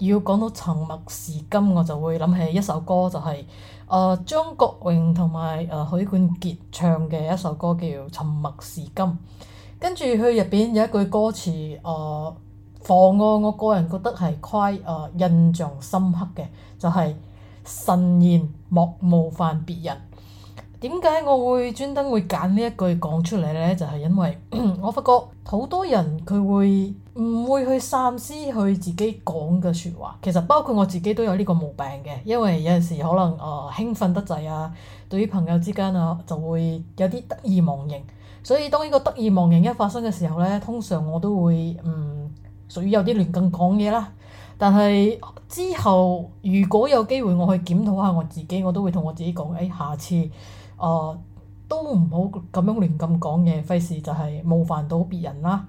要講到沉默是金，我就會諗起一首歌，就是，就係誒張國榮同埋誒許冠傑唱嘅一首歌叫《沉默是金》。跟住佢入邊有一句歌詞誒，放、呃、我，我個人覺得係誒、呃、印象深刻嘅，就係、是、慎言莫冒犯別人。點解我會專登會揀呢一句講出嚟咧？就係、是、因為我發覺好多人佢會，唔會去三思去自己講嘅説話，其實包括我自己都有呢個毛病嘅，因為有陣時可能誒、呃、興奮得滯啊，對於朋友之間啊就會有啲得意忘形，所以當呢個得意忘形一發生嘅時候呢，通常我都會嗯屬於有啲亂咁講嘢啦。但係之後如果有機會我去檢討下我自己，我都會同我自己講：誒、哎，下次誒、呃、都唔好咁樣亂咁講嘢，費事就係冒犯到別人啦。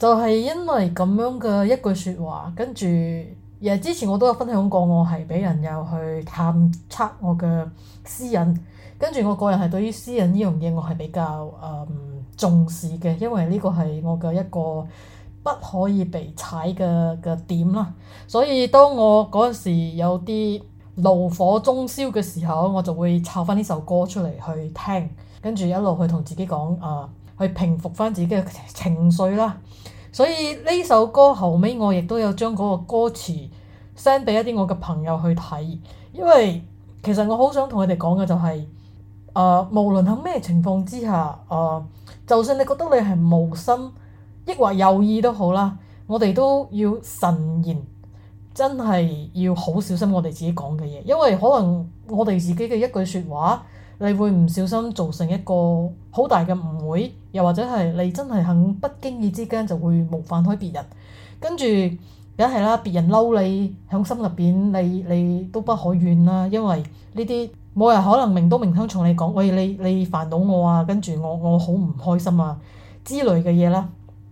就係因為咁樣嘅一句説話，跟住，誒之前我都有分享過，我係俾人又去探測我嘅私隱，跟住我個人係對於私隱呢樣嘢，我係比較誒、呃、重視嘅，因為呢個係我嘅一個不可以被踩嘅嘅點啦。所以當我嗰陣時有啲怒火中燒嘅時候，我就會抄翻呢首歌出嚟去聽，跟住一路去同自己講啊、呃，去平復翻自己嘅情緒啦。所以呢首歌後尾，我亦都有將嗰個歌詞 send 俾一啲我嘅朋友去睇，因為其實我好想同佢哋講嘅就係、是、誒、呃、無論喺咩情況之下誒、呃，就算你覺得你係無心，抑或有意都好啦，我哋都要慎言，真係要好小心我哋自己講嘅嘢，因為可能我哋自己嘅一句說話。你會唔小心造成一個好大嘅誤會，又或者係你真係肯不經意之間就會冒犯開別人，跟住梗係啦，別人嬲你，響心入邊你你都不可怨啦，因為呢啲冇人可能明刀明槍從你講，喂，你你煩到我啊，跟住我我好唔開心啊之類嘅嘢啦。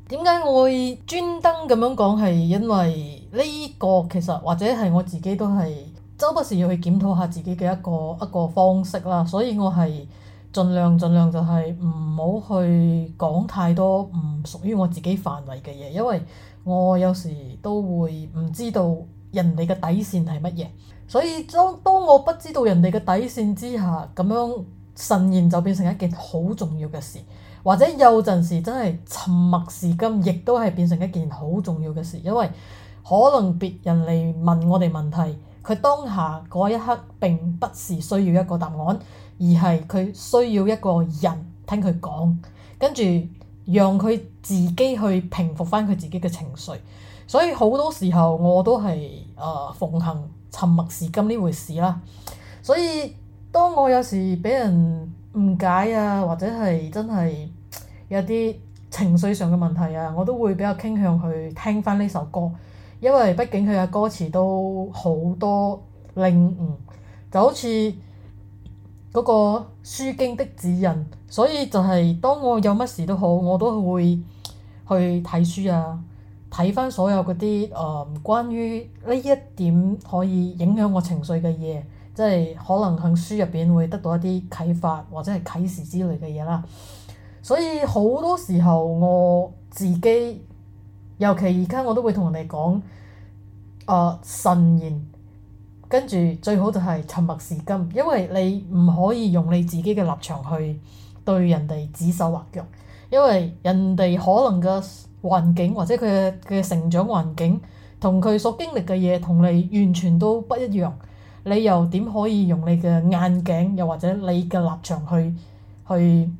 點解我會專登咁樣講係因為呢個其實或者係我自己都係。周不時要去檢討下自己嘅一個一個方式啦，所以我係盡量盡量就係唔好去講太多唔屬於我自己範圍嘅嘢，因為我有時都會唔知道人哋嘅底線係乜嘢，所以當當我不知道人哋嘅底線之下，咁樣慎言就變成一件好重要嘅事，或者有陣時真係沉默是金，亦都係變成一件好重要嘅事，因為可能別人嚟問我哋問題。佢當下嗰一刻並不是需要一個答案，而係佢需要一個人聽佢講，跟住讓佢自己去平復翻佢自己嘅情緒。所以好多時候我都係誒奉行沉默是金呢回事啦。所以當我有時俾人誤解啊，或者係真係有啲情緒上嘅問題啊，我都會比較傾向去聽翻呢首歌。因為畢竟佢嘅歌詞都好多領悟，就好似嗰個《書經》的指引，所以就係當我有乜事都好，我都會去睇書啊，睇返所有嗰啲誒關於呢一點可以影響我情緒嘅嘢，即係可能喺書入邊會得到一啲啟發或者係啟示之類嘅嘢啦。所以好多時候我自己。尤其而家我都會同人哋講，誒、呃、慎言，跟住最好就係沉默是金，因為你唔可以用你自己嘅立場去對人哋指手畫腳，因為人哋可能嘅環境或者佢嘅成長環境同佢所經歷嘅嘢同你完全都不一樣，你又點可以用你嘅眼鏡又或者你嘅立場去去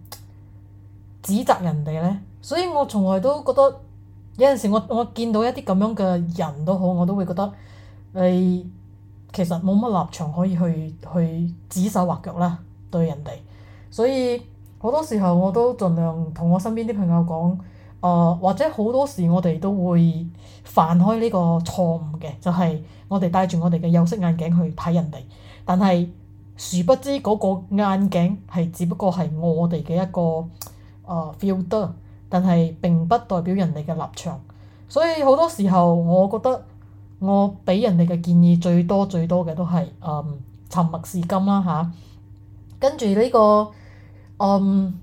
指責人哋咧？所以我從來都覺得。有陣時我我見到一啲咁樣嘅人都好，我都會覺得你，呃、其實冇乜立場可以去去指手畫腳啦對人哋，所以好多時候我都盡量同我身邊啲朋友講，呃，或者好多時我哋都會犯開呢個錯誤嘅，就係、是，我哋戴住我哋嘅有色眼鏡去睇人哋，但係殊不知嗰個眼鏡係只不過係我哋嘅一個、呃、filter 但係並不代表人哋嘅立場，所以好多時候，我覺得我俾人哋嘅建議最多最多嘅都係、嗯、沉默是金啦吓，跟住呢、呢個、嗯、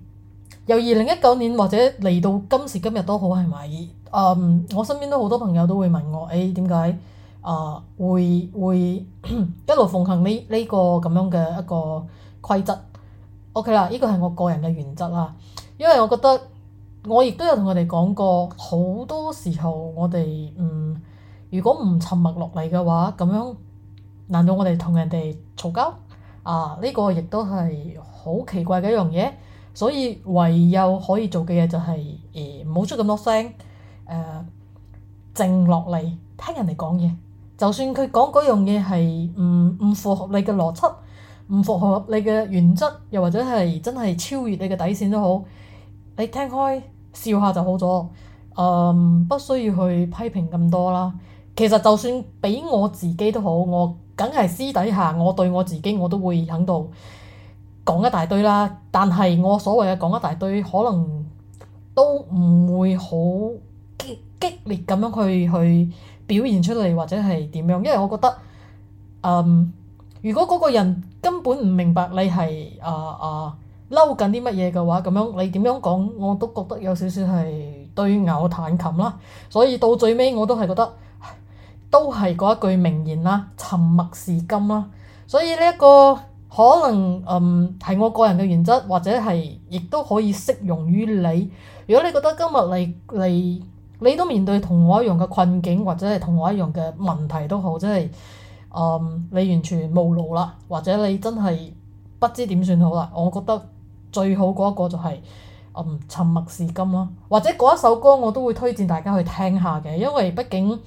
由二零一九年或者嚟到今時今日都好係咪、嗯？我身邊都好多朋友都會問我，誒點解啊會、會一路奉行呢、呢、呢個咁、呢個、樣嘅一個規則？O.K. 啦，呢個係我個人嘅原則啦，因為我覺得。我亦都有同佢哋講過，好多時候我哋嗯，如果唔沉默落嚟嘅話，咁樣難道我哋同人哋嘈交啊？呢個亦都係好奇怪嘅一樣嘢。所以唯有可以做嘅嘢就係誒唔好出咁多聲，誒靜落嚟聽人哋講嘢。就算佢講嗰樣嘢係唔唔符合你嘅邏輯，唔符合你嘅原則，又或者係真係超越你嘅底線都好，你聽開。笑下就好咗，嗯，不需要去批評咁多啦。其實就算俾我自己都好，我梗係私底下我對我自己我都會喺度講一大堆啦。但係我所謂嘅講一大堆，可能都唔會好激烈咁樣去去表現出嚟，或者係點樣？因為我覺得，嗯，如果嗰個人根本唔明白你係誒誒。呃呃嬲緊啲乜嘢嘅話，咁樣你點樣講，我都覺得有少少係對牛彈琴啦。所以到最尾，我都係覺得都係嗰一句名言啦：沉默是金啦。所以呢一個可能嗯係我個人嘅原則，或者係亦都可以適用於你。如果你覺得今日你你你都面對同我一樣嘅困境，或者係同我一樣嘅問題都好，即係、嗯、你完全冇路啦，或者你真係不知點算好啦，我覺得。最好嗰一個就係，嗯，沉默是金咯，或者嗰一首歌我都會推薦大家去聽下嘅，因為畢竟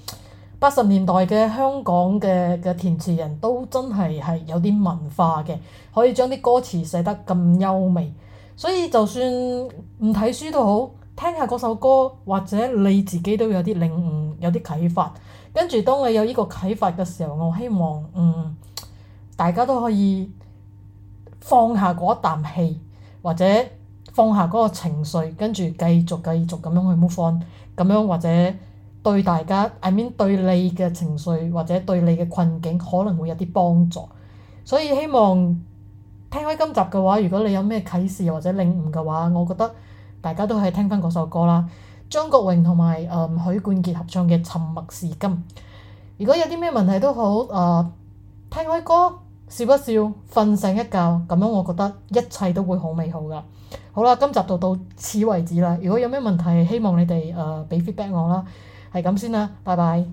八十年代嘅香港嘅嘅填詞人都真係係有啲文化嘅，可以將啲歌詞寫得咁優美。所以就算唔睇書都好，聽下嗰首歌，或者你自己都有啲領悟，有啲啟發。跟住當你有呢個啟發嘅時候，我希望嗯大家都可以放下嗰一啖氣。或者放下嗰個情緒，跟住繼續繼續咁樣去 move on，咁樣或者對大家喺面 I mean, 對你嘅情緒或者對你嘅困境可能會有啲幫助。所以希望聽開今集嘅話，如果你有咩啟示或者領悟嘅話，我覺得大家都係聽翻嗰首歌啦，張國榮同埋誒許冠傑合唱嘅《沉默是金》。如果有啲咩問題都好誒、呃，聽開歌，笑一笑，瞓醒一覺，咁樣我覺得一切都會好美好噶。好啦，今集就到此為止啦。如果有咩問題，希望你哋誒俾、呃、feedback 我啦。係咁先啦，拜拜。